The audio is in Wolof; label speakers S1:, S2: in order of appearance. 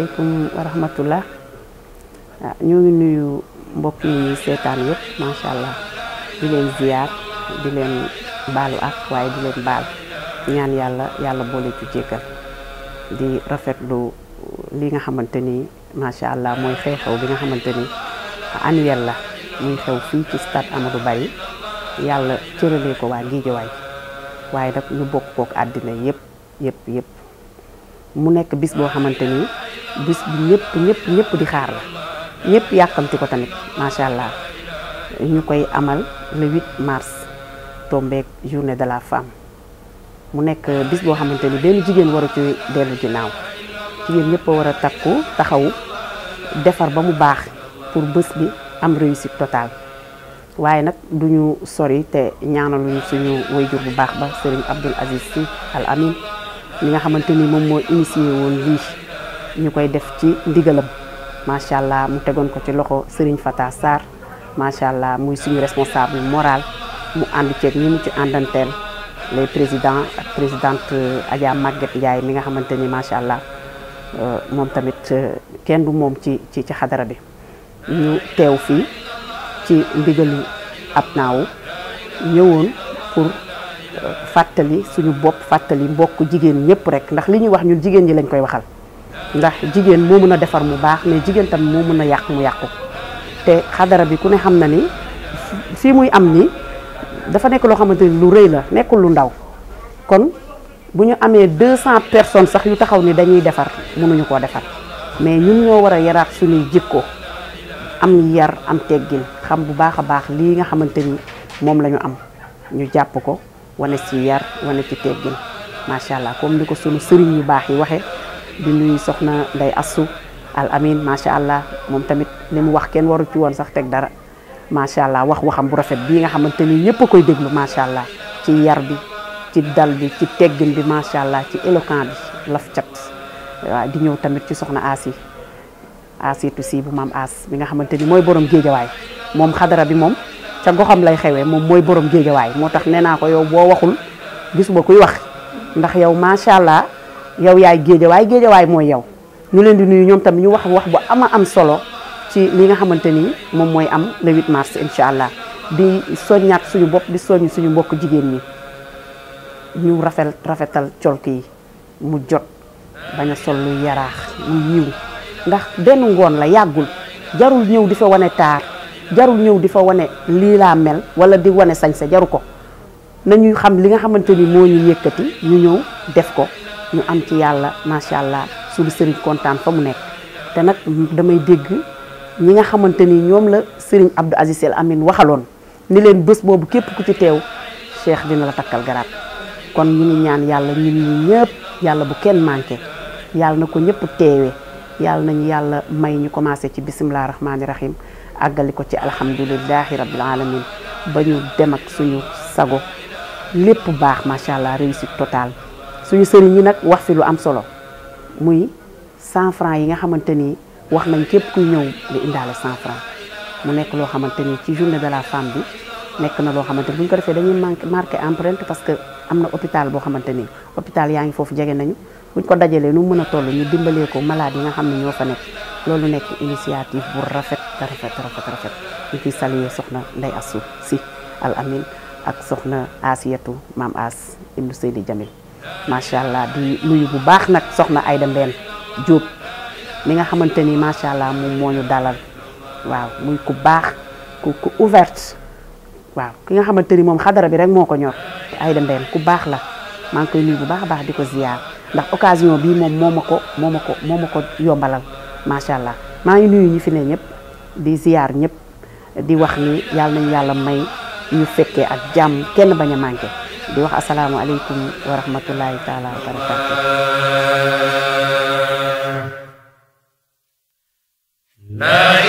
S1: assalamualaikum warahmatullah ah, ñu ngi nuyu mbokk yi seetaan yëpp macha allah di leen ziar di leen baalu ak waaye di leen baal ñaan yàlla yàlla boole ci jéggal di rafetlu li nga xamante ni macha allah mooy xew-xew bi nga xamante ni annuel la muy xew fii ci stade amadou bari yàlla cëralee ko waa géejawaay waaye nag ñu bokk kook àddina yépp yépp yépp mu nekk bis boo xamante bis bi ñëpp ñëpp ñëpp di xaar la ñëpp yàkkamti ko tamit macha allah ñu koy amal le 8 mars tombeek journée de la femme mu nekk bis boo xamante ni benn jigéen waru ci dellu naaw jigéen ñëpp a war a takku taxawu defar ba mu baax pour bés bi am réussite totale waaye nag duñu sori te ñaanaluñu suñu wayjur bu baax ba Serigne Abdoul Aziz Sy Al Amin li nga xamante ni moom moo initié woon lii ñukoy koy def ci ndigalam macha allah mu tegoon ko ci loxo Serigne Fata allah muy suñu responsable moral mu and ci ñi ci andantel les présidents ak présidente euh, Adja Maguette Ndiaye mi nga xamanteni ni macha allah euh, moom tamit euh, kenn du mom ci ci ci xadara bi ñu tew fi ci ndigalu ab ñewoon pour fatali suñu bop fatali mbokk jigen ñëpp rek ndax liñu wax ñun jigen ñi lañ koy waxal ndax jigéen moo mën a defar mu baax mais jigéen tam moo mën a yàq mu yàqu te xadara bi ku ne xam na ni si muy am nii dafa nekk loo xamante ni lu rëy la nekkul lu ndaw kon bu ñu amee deux cent personnes sax yu taxaw ni dañuy defar mënuñu koo defar mais ñun ñoo war a yaraat suñuy ko am yar am teggin xam bu baax a baax lii nga xamante ni moom la ñu am ñu jàpp ko wane si yar wane ci teggin macha allah comme ni ko sunu sëriñ yu baax yi waxe di nuyu soxna nday assu al amin sha allah mom tamit li wax ken waru ci won sax tek dara sha allah wax waxam bu rafet bi nga xamanteni ñepp koy deglu ma sha allah ci yar bi ci dal bi ci teggin bi sha allah ci éloquent bi laf chat wa di ñew tamit ci soxna asi tu si bu mam as bi nga xamanteni moy mooy borom géejawaay mom xadara bi mom ca goxam lay xewé mom moy borom géejawaay moo nena nee ko yow bo waxul gis ba kuy wax ndax yow sha allah yow yaay gédé way moy yow ñu leen di nuyu ñom tam ñu wax wax bu ama am solo ci li nga xamanteni mom moy am le 8 mars inshallah allah di soñat suñu bop di soñu suñu mbokk jigen ni ñu rafet rafetal cholki mu jot baña sol lu yarax lu yiw ndax benn ngon la yagul jarul ñew di wone tar, jarul ñew di wone li la mel wala di wone sañ sa jaruko nañuy xam li nga xamanteni ni moo ñu yëkkati ñu def ko ñu am ci yàlla macha allah suñu sëriñ kontaan fa mu nekk te nag damay dégg ñi nga xamante ni la sëriñ Abdou Aziz El Amin waxaloon ni leen bés boobu képp ku ci teew cheikh dina la takkal garaat kon ñu ngi ñaan yàlla ñun ñi ñëpp yàlla bu kenn manqué yàlla na ko ñëpp yàlla nañu yàlla may ñu commencé ci bisimilah rahim àggali ci alhamdulillahi rabbil alamin ba ñu dem ak suñu sago lépp baax macha allah réussite totale suñu sëriñ yi nag wax fi lu am solo muy cent franc yi nga xamante ni wax nañ képp kuy ñëw di indaale cent franc mu nekk loo xamante ni ci journée de la femme bi nekk na loo xamante ni bu ko defee dañuy manqué marqué empreinte parce que am na hôpital boo xamante ni hôpital yaa ngi foofu jege nañu buñ ko dajalee nu mën a toll ñu dimbalee ko malade yi nga xam ne ñoo fa nekk loolu nekk initiative bu rafet rafet rafet rafet ñu ciy saluer soxna nday Assou si Al Amin ak soxna Asiyetu maam As ibnu Seydi Jamil masyaallah di nuyu bu baax nak soxna Aida Mbène Diop mi nga xamante ni macha allah dalal waaw muy ku baax ku ku ouverte waaw ki nga xamanteni mom xadara bi rek moko ñor te Aida ku baax la maa ngi koy nuyu bu baax a baax di ziar ndax occasion bi mom momako momako momako yombalal masyaallah ma ngi nuyu ñi fi ne ñep di ziar ñep di wax ni yalla nañu yalla may ñu fekke ak jam kenn baña a di wax asalaamualeykum wa rahmatullahi taala wa barakatu la